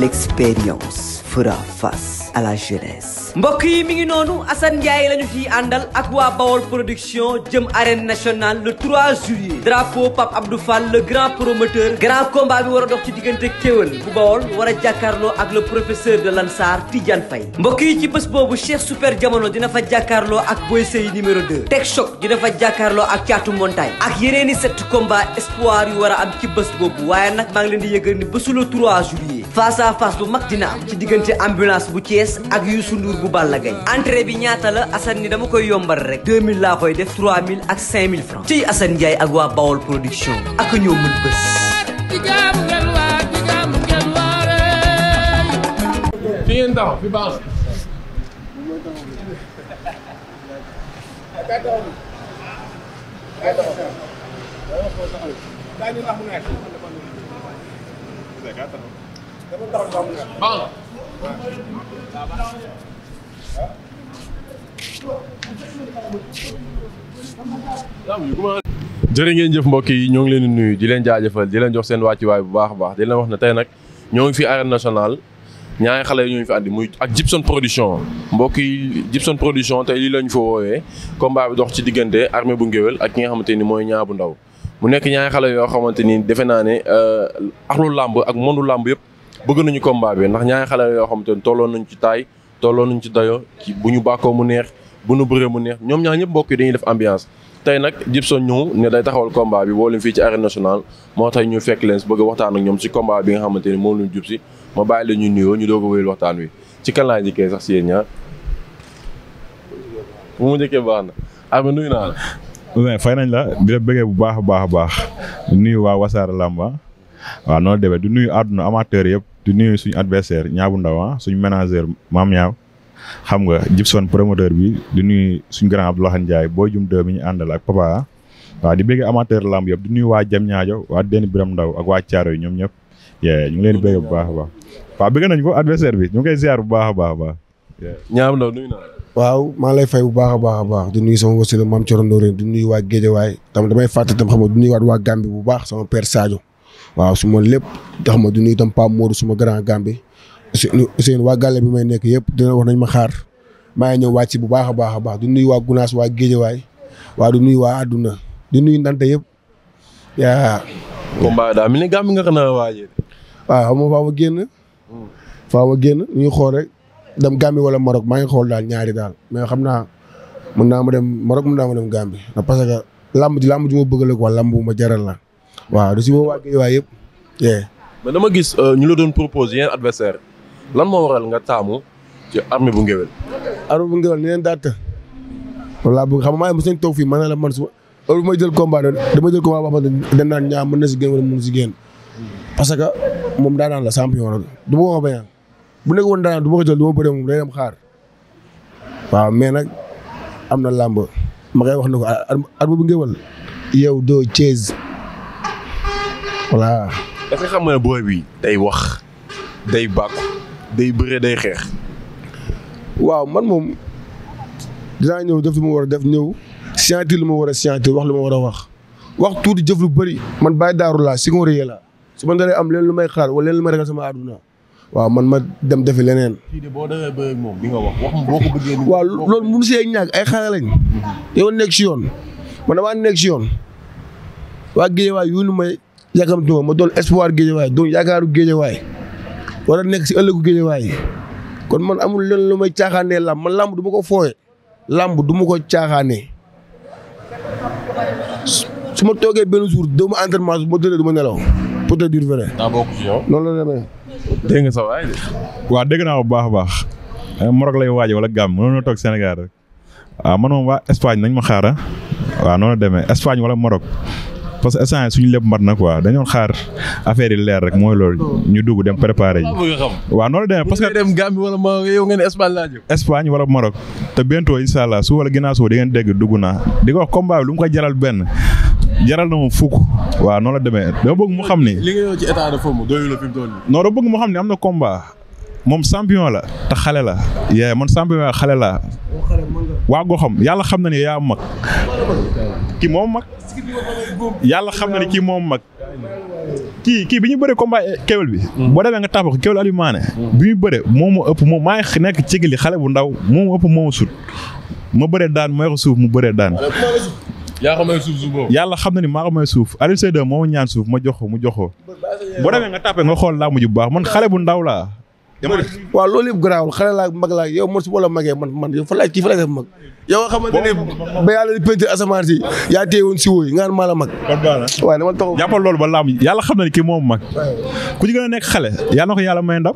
l'expérience fera face. à mbokk yi mi ngi noonu Assane Ndiaye la ñu ciy àndal ak waa Bawol production jëm arène nationale le 3 juillet drapeau Pape Abdou Fall le grand promoteur grand combat bi war a dox ci diggante kéwél bu Bawol war a jàkkaarloo ak le professeur de Lansar Tidiane Faye mbokk yi ci bés boobu Cheikh Super Jamono dina fa jàkkaarloo ak Boy Sey numéro 2 Teg Choc dina fa jàkkaarloo ak Caatu Montagne ak yeneen i sept combat espoir yu war a am ci bés boobu waaye nag maa ngi leen di yëgal ni bésu le 3 juillet face à face bu am ci bu Thiès Thiès ak entrée bi ñaata la Assane ni dama koy yombal rek 2000 laa koy def 3000 ak 5000 francs ciy Assane Ndiaye ak waa Bawol production ak ñoo mën bés jërë ngeen jëf mbokk yi ñoo ngi leen di nuyu di leen jaajëfal di leen jox seen wàccuwaay bu baax a baax di leen wax ne tey nag ñoo ngi fi arène national ñaari xale yi ñu fi andi muy ak Jibson production mbokk yi Jibson production tey lii la ñu fa woowee combat bi dox ci diggante armée bu ngéwél ak ki nga xamante ni mooy ñaa bu ndaw mu nekk ñaari xale yoo xamante nii defe naa ne euh, axlu làmb ak mondu làmb yëpp. bëgg nañu combat bi ndax ñaari xale yoo xamante ne tolloon nañ ci taay tolloo nañ ci dayo bu ñu bàkkoo mu neex bu ñu bëree mu neex ñoom ñaar ñëpp mbokk yi dañuy def ambiance tey nag Djibson ñëw ne day taxawal combat bi woo fii ci arène nationale moo tax ñu fekk leen bëgg waxtaan ak ñoom ci combat bi nga xamante ni moom lañ jub si ma bàyyi la ñu nuyoo ñu doog a wéyal waxtaan wi ci kan laa njëkkee sax si yéen bu mu njëkkee baax nuyu naa la fay nañ la di la bu baax a baax a baax nuyu waa Wassare làmba waa noo demee du nuyu àdduna amateur yëpp di nuyu suñu adversaire ñaabu ndaw ah, suñ manager maam ñaaw xam nga Gibson promoteur bi di nuyu suñu grand Abdoulaye Ndiaye booy jum deux mi ñu àndal ak papa ah. waaw di bëgg amateur lamb yëpp di nuyu waa jam ñaajo waa Déni Biram Ndaw ak waa Caaro yi ñoom ñëpp ñu ngi leen di bëgg bu baax a baax waaw nañ ko adversaire bi ñu ngi koy ziar bu baax a baax a baax ñaabu naa waaw maa lay fay bu baax di nuyu sama wasila maam Coro Ndoore di nuyu waa Géejawaay tam damay fàtte tam xam nga di nuyu waat waa Gambie bu baax sama père Sadio waaw suma lépp tax ma du nuyu itam Pape Modou suma grand gambi bi Ousseynou waa gàlle bi may nekk yëpp dina wax nañ ma xaar maa ngi ñëw wàcc bu baax a baax baax du nuyu waa Gunaas waa Géejawaay waa du nuyu waa àdduna du nuyu ndante yëpp yaa. combat daa mel ni gàmbi nga xam ne waajee. waaw xam nga faa génn. faa ma génn ñu xool rek dem Gambie wala Maroc maa ngi xool daal ñaari daal mais xam naa mën naa ma dem Maroc mën naa ma dem Gambie parce que làmb ji làmb ji ma la quoi làmb bu ma jaral la. waaw du si woo waa Guédiawaye ma mais dama gis euh, ñu la doon proposé yeneen adversaire lan moo waral nga taamu ci armée bu ngéwél. armée bu ngéwél ni walla bu xam maa mu seen toog fii man la man su ma jël combat dama jël combat boo xamante na si génn wala mën si génn parce que moom daanaan la champion la du ma ko bañaan bu nekk woon daanaan du ma ko jël du ma bëree moom day xaar waaw mais nag am na làmb ma koy wax ne ko armée bu ngéwél yow doo Thiès. voilà. est ce que xam nga booy bi wax day bàkku day bëre day xeex. waaw man moom dinaa ñëw def lu ma war a def ñëw scientifique lu ma war a scientifique wax lu ma war a wax wax tuuti jëf lu bari man bàyyi daaru laa si nga war laa su ma dalee am leen lu may xaar wala leen lu may ragal sama àdduna waaw man ma dem defi leneen. fii de boo demee ba moom li nga wax ay xale lañ. yow mhm. nekk si yoon man damaa nekk si yoon. waa Guèye yu nu may. yàkkamtuma ma doon espoir géejawaay doon yaakaaru géejawaay war a nekk si ëllëgu géejawaay kon man amul leen lu may caaxaanee làmb man làmb du ma ko fooye làmb du ma ko caaxaanee su ma toogee benn jour dama entraînement su ma tëddee du ma nelaw pour te dire vrai. daa bokk ci yow loolu la demee. dégg nga sa waay de. waaw dégg naa bu baax a baax. Eh, Maroc lay waaj wala Gàmbi mënoon na toog Sénégal rek. waaw ah, man moom waa Espagne nañ ma xaara ah. waaw noonu la demee Espagne wala Maroc. parce que instant suñu lépp mat na quoi dañoon xaar affaire leer rek mooy loolu ñu dugg dem préparer yi. waaw noonu la demee parce que dem Gambie wala Maroc yow ngeen Espagne laa jóg. Espagne wala Maroc te bientôt incha allah su wala ginnaaw su di ngeen dégg dugg naa di ko wax combat bi lu mu ko jaral benn. jaral na moom fukk waaw noonu la demee dama bëgg mu xam ni. li nga yow ci état de forme doyul la fi bëgg mu xam ni am na combat moom sampion la te xale la. yaa man champion la xale la waa goxam yàlla xam na ni yaa mag ki yàlla xam na ne kii moom mag kii kii bi ñu bëree combat eh, kewel bi. Hmm. boo demee nga tabax kewel Aliou Mané. bi ñu bëree moom ëpp moom maa ngi nekk ci xale bu ndaw moom ëpp moo sut ma bëree daan ma ko suuf mu bëree daan. yaa may suuf suuf yàlla xam na ni maa ko may suuf Aliou Seydoune moo ñaan suuf ma jox mu jox ko. boo demee nga tàppee nga xool laa mujj bu baax man xale bu ndaw laa. waaw loolu yëpp garaawul xale laa mag laa yow man su wala magee man man yow fa laaj kii fa laaj mag yow nga xamante ne ba yàlla di penti asamaan si yaa téye woon si wooy nga naan maa la mag waaw dama taxaw jàppal loolu xam na ne kii moom mag ku ci nekk xale yàlla na ko yàlla may ndam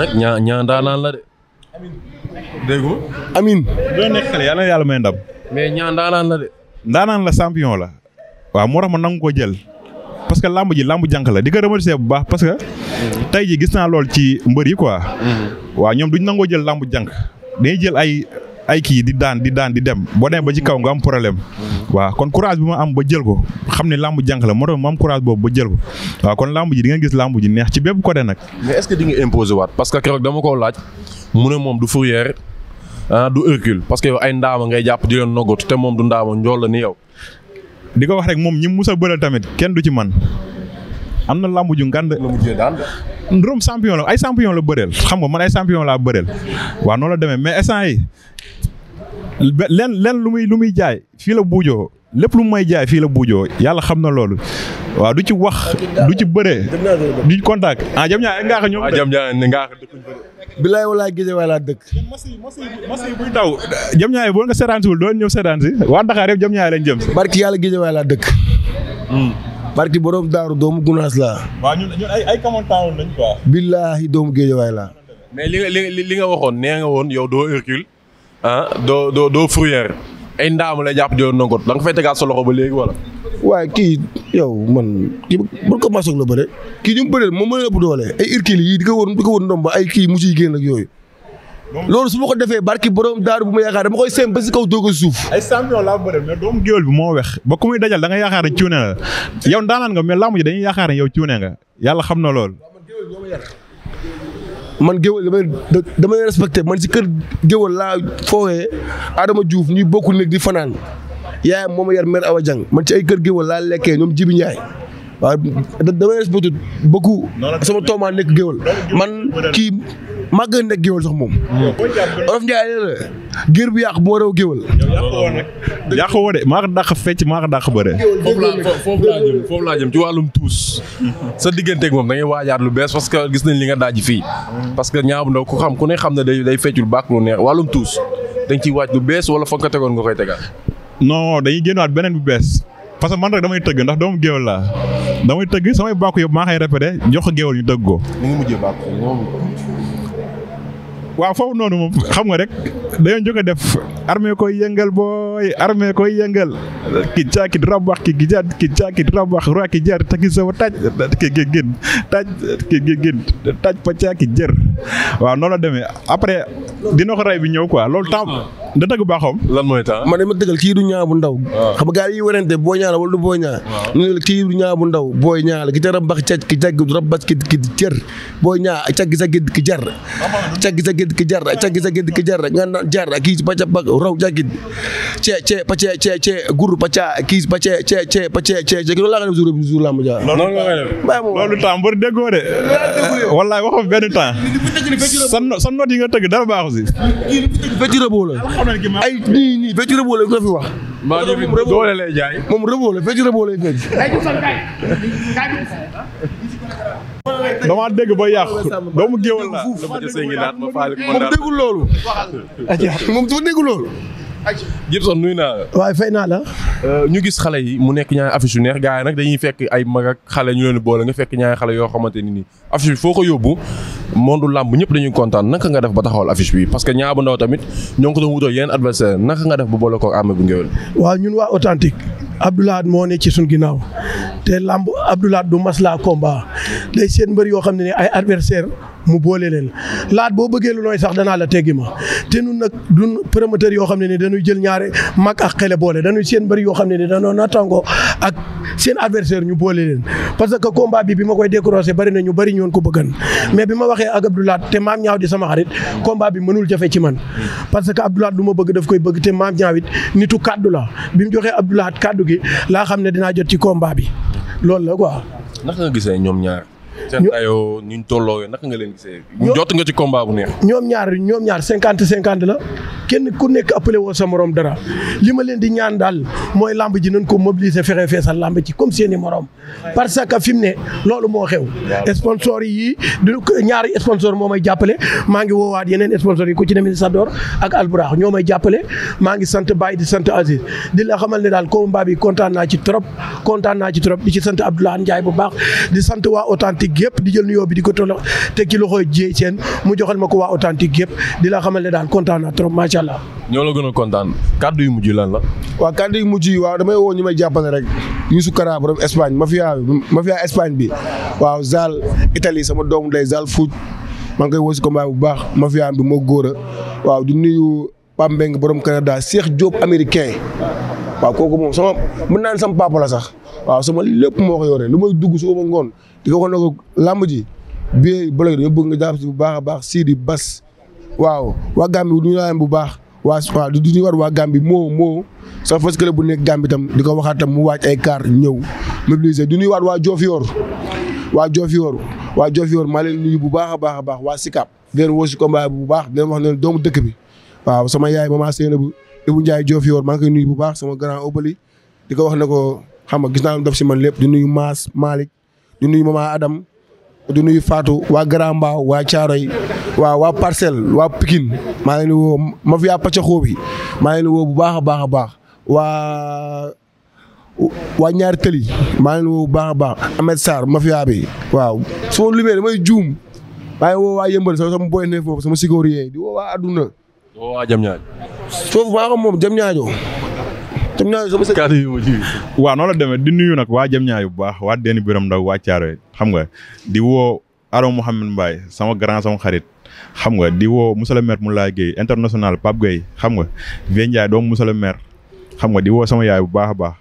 nag ñaa ñaa ndaanaan la de dégg yàlla na mais ñaa ndaanaan la de la champion la waaw moo tax ma nangu ko jël parce que lamb ji lamb jànq la di ko remercier bu baax parce que tey ji gis naa lool ci mbër yi quoi. Mm-hmm. waaw ñoom duñ nangoo jël làmb jànq dañuy jël ay ay kii di daan di daan di dem boo demee ba ci kaw nga am problème. Mm-hmm. waaw kon courage bi ma am ba jël ko xam ne làmb jànq la moo tax ma am courage boobu ba jël ko waaw kon làmb ji di nga gis lamb ji neex ci bépp côté nag. mais est-ce que di nga imposer parce que keroog dama koo laaj mu ne moom du fourrière ah, du Hercule parce que yow ay ndaama ngay jàpp di leen noggatu te moom du ndaama njool la ni yow. di ko wax rek moom ñi mu mus a tamit kenn du ci man am na làmb ju ngand ndurum champion la ay champion la bëreel xam nga man ay champion laa bëreel waaw noonu la demee mais instant yi lu muy lu muy jaay fii la buujoo lépp lu may jaay fii la buujoo yàlla xam na loolu waaw du ci wax du ci bëree duñ contact ah jam ñaa ngaax ñoom jam ñaa ngaax dëkkuñ bëri bilaay walaay gise waay laa dëkk masi masi masi buy taw jam ñaa boo nga seetaan doo wul doon ñëw seetaan si waa Dakar yëpp jam ñaa lañ jëm barki yàlla gise waay laa dëkk hmm. barki borom daaru doomu gunaas laa waaw ñun ñun ay ay commentaire billaahi doomu géej waay laa mais li nga li nga waxoon nee nga woon yow doo Hercule ah doo doo doo Fourrière ay ndaamu la jàpp joon nangot da nga fay tegaat sa loxo ba léegi wala waaye kii yow man kii man ko masoog la bëre. kii di mu bëree moo mën na doole ay irkil yii di ko wër di ko wër ndomba ay kii mu ciy génn ak yooyu. loolu su ma ko defee barki borom daaru bu ma yaakaar ma koy séen ba si kaw doog a suuf. ay champion laa bëre mais doomu géwél bi moo wex ba ku da nga yaakaar ne cuune la yow ndaanaan nga mais làmb ji dañuy yaakaar ne yow cuune nga xam na loolu. man géwél damay damay respecté man si kër géwél laa foowee Adama Diouf ñuy bokkul nekk di fanaan yaayam moom ma yar mère Awa Diang man ci ay kër gi wala laa lekkee ñoom Jibi Ndiaye waaw damay respecté beaucoup sama toomaa nekk géwal man kii màgg nekk géwal sax moom olof Ndiaye la gér bu yàq boo rew géwal yàq woo de maa ko dàq fecc maa ko dàq bëre foofu laa jëm laa jëm ci wàllum tuus sa digganteeg moom da waajaat lu bees parce que gis nañ li nga daaj fii parce que ñaaw ndaw ku xam ku ne xam ne day day feccul bàkk lu neex wàllum tuus da ci ciy waaj lu bees wala fa tegoon nga koy tegaat non dañuy génnaat beneen bu bees parce que man rek damay tëgg ndax doomu géwél laa damay tëgg samay bàkku yëpp maa xay répété jox ko géwél ñu tëgg ko. ni noonu moom xam nga rek dañoo njëkk def armee koy yëngal booy armee koy yëngal ki caakit rabax ki gi jaat ki caakit rabax roi ki jar taki sawa taaj ki gi gën taaj ki gi gën taaj pa caaki jër waaw noonu la demee après dina ko rey bi ñëw quoi loolu tam da dëgg baaxoom lan mooy temps man dama dëggal kii ñaa bu ndaw xam nga gars yi werante booy ñaa la wala du booy ñaa ñu ne la kii du ñaa bu ndaw booy ñaa la ki ca rambax ca ki cagg booy ñaa cagg sa gédd ki jar cagg sa gédd ki jar cagg sa gédd ki jar nga naan jar kii ba ca bag raw jàggit cee cee pa cee cee cee gur pa caa kii pa cee cee cee pa cee cee loolu laa nga def laa mu jaar loolu temps mbër déggoo de wallaay waxoon benn temps sa yi nga tëgg dara baaxu ay nii nii fecc rëboo la fi wax. maa ngi fi jaay. moom rëboo la fecc rëboo lay fecc. damaa dégg ba yàqu doomu géwal la. moom déggul loolu. moom dafa loolu. Djibson nuyu naa la. waaye fay naa la. Euh, ñu gis xale yi mu nekk ñaari affiche yu neex gars yi nag dañuy fekk ay mag ak xale ñu leen boole nga fekk ñaari xale yoo xamante ni nii affiche bi foo ko yóbbu monde làmb ñëpp dañuy kontaan naka nga def ba taxawal affiche bi parce que ñaa bu Ndaw tamit ñoo ngi ko doon wutoo yeneen def ba boole ko Armé bu Ngéwél. waaw ñun waa authentique Abdoulade moo ne ci suñ ginnaaw te làmb Abdoulade du maslaa combat day seen mbër yoo xam ne ay adversaire mu boole leen laat boo bëggee lu looy sax danaa la teggi ma te nun nag dun promoteur yoo xam ne ni dañuy jël ñaar mag ak xele boole dañuy seen bëri yoo xam ne ni dañoo nattangoo ak seen adversaire ñu boole leen que combat bi bi ma koy décroché bari na ñu bari ñoon ko bëggan mais bi ma waxee ak Abdoulaat te maam ñaaw di sama xarit combat bi mënul jafe man parce que Abdoulaat lu ma bëgg daf koy bëgg te maam ñaawit nitu kaddu la bi mu joxee Abdoulaat kaddu gi laa xam ne dinaa jot ci combat bi loolu la quoi ndax nga gisee ñoom ñaar seen ayoo ñu tolloo naka nga leen gisee. jot nga ci combat bu neex. ñoom ñaar ñoom ñaar cinquante cinquante la. kenn ku nekk appelé woo sa moroom dara li ma leen di ñaan daal mooy lamb ji nañ ko mobiliser fexe feesal lamb ci comme seeni morom parce que fi mu ne loolu moo xew sponsor yi du ñaari sponsor moo may jàppale maa ngi woowaat yeneen sponsor yi ku ci demee Sador ak Alburax ñoo may jàppale maa ngi sant baay di sant Aziz di la xamal ne daal combat bi kontaan naa ci trop kontaan naa ci trop di ci sant Abdoulaye Ndiaye bu baax di sant waa authentique yëpp di jël nuyoo bi di ko tollo teg ci loxoy jiey seen mu joxal ma ko waa authentique yëpp di la xamal ne daal kontaan naa incha ñoo la gën a kontaan kàddu yu mujj la la. waa kàddu yu mujj yi waaw damay woo ñu may jàppale rek Youssou Kara borom Espagne mafia mafia Espagne bi waaw Zal itali sama doom ndey Zal Fouch maa ngi koy woo si bu baax mafia bi moo góor a waaw di nuyu Pape Mbengue borom Canada Cheikh Diop américain waaw kooku moom sama mën naa ne sama papa sax waaw sama lépp moo ko yore nu may dugg suba ba ngoon di ko ko ne ko làmb ji bii bële dañoo bëgg nga jàpp si bu baax a baax Bas. waaw waa Gambie du ñu bu baax waa waaw du ñu war waa Gambie moo moo sa fas bu nekk Gambie tam di ko waxaat tam mu waaj ay ñëw mobiliser du ñuy waat waa Diofior waa Diofior waa Diofior maa leen nuyu bu baax a baax a baax waa Sicap di leen woo si combat bu baax di leen wax ne doomu dëkk bi waaw sama yaay mama Seynabou Ibou Ndiaye Diofior maa ngi koy nuyu bu baax sama grand obali di ko wax ne ko xam nga gis naa def si ma lépp di nuyu Maas Malick di nuyu mama Adam di nuyu Fatou waa Grand Mbao waa Thiaroye waaw waa parcelle waa Pikine maa ngi leen di woo mafia Pacaxoo bi maa ngi leen woo bu baax a baax a baax waa waa ñaari tëli maa ngi leen di woo bu baax a baax Ahmed Sarr mafia bi waaw su ma limee damay juum maa woo waa Yëmbal sama boy ne foofu sama sigoor yee di woo waa adduna. woo waa Jamñaajo. foofu maa ko moom Jamñaajo. waaw noonu la demee di nuyu nag waa Jamñaajo bu baax waa Déni Biram Ndaw waa Thiaroye xam nga di woo Aro Mouhamed Mbaye sama grand sama xarit. xam nga di woo monsieur le maire Moulaye Gueye international Pape Gueye xam nga Vieux Ndiaye doomu monsieur le maire xam nga di woo sama yaay bu baax a baax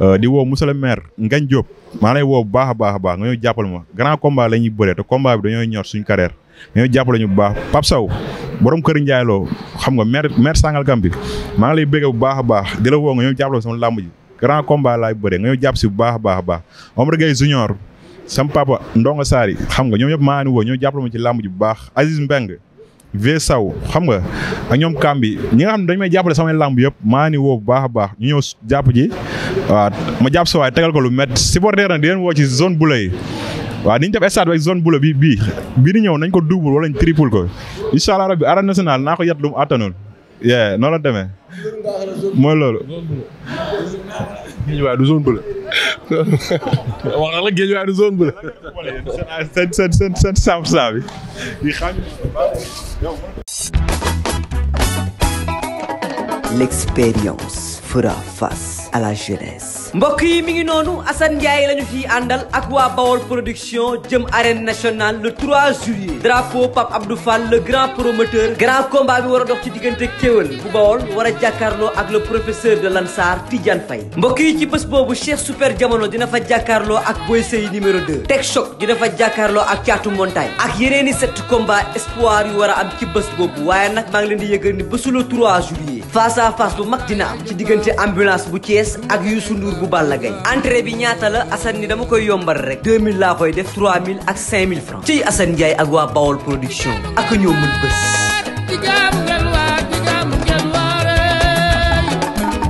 euh, di woo monsieur maire Ngagne Diop maa lay bu baax a baax a baax nga ñëw jàppal ma grand combat la ñuy bëree te bi dañoo ñor suñu carrière dañoo jàppale ñu bu baax Pape Sow borom kër Ndiaye loo xam nga maire maire Sangalkam bi maa ngi lay bëgg bu baax a baax di la woo nga ñëw jàppale sama làmb ji grand combat laay bëree nga ñëw jàpp si bu baax a baax a baax Omar Gueye Junior sam papa Ndongo Saari xam nga ñoom ñëpp maa ngi woo ñoo jàppale ma ci làmb ji bu baax Aziz Mbeng saw xam nga ñoom Kambi ñi nga xam ne dañu may jàppale samay làmb yëpp maa ngi woo bu baax a baax ñu ñëw jàpp ji waaw ma jàpp sa waay tegal ko lu métti supporter na di leen woo ci zone bu lay waaw ni ñu def stade bi ak zone bi bii bii ñëw nañ ko double wala ñu triple ko incha allah rabbi arène nationale naa ko yat lu mu attanul yee noonu la demee mooy loolu Guédiawaye du zone bleue. wax na la Guédiawaye du zone bleue. seen seen seen seen saaf saaf yi. L'expérience fera face à la jeunesse. mbokk yi mi ngi noonu Assane Ndiaye lañu fiy àndal ak waa Bawol production jëm arène national le 3 juillet drapeau Pape Abdou Fall le grand promoteur grand combat bi war a dox ci diggante kéwél bu Bawol wara a jàkkaarloo ak le professeur de Lansar Tidiane Faye mbokk yi ci bés boobu Cheikh Super Jamono dina fa jàkkaarloo ak Boy Sey numéro 2 teg Choc dina fa jàkkaarloo ak Caatu Montagne ak yeneen i sept combat espoir yu war a am ci bës boobu waaye nag maa ngi leen di yëgal ni bésu le 3 juillet face bu mag dina am ci diggante ambulance bu Thiès ak Youssou bu Balla Gaye entrée bi ñaata la Assane ni dama koy yombal rek 2000 laa koy def 3000 ak 5000 francs ciy Assane Ndiaye ak waa Bawol production ak ñoo mën bés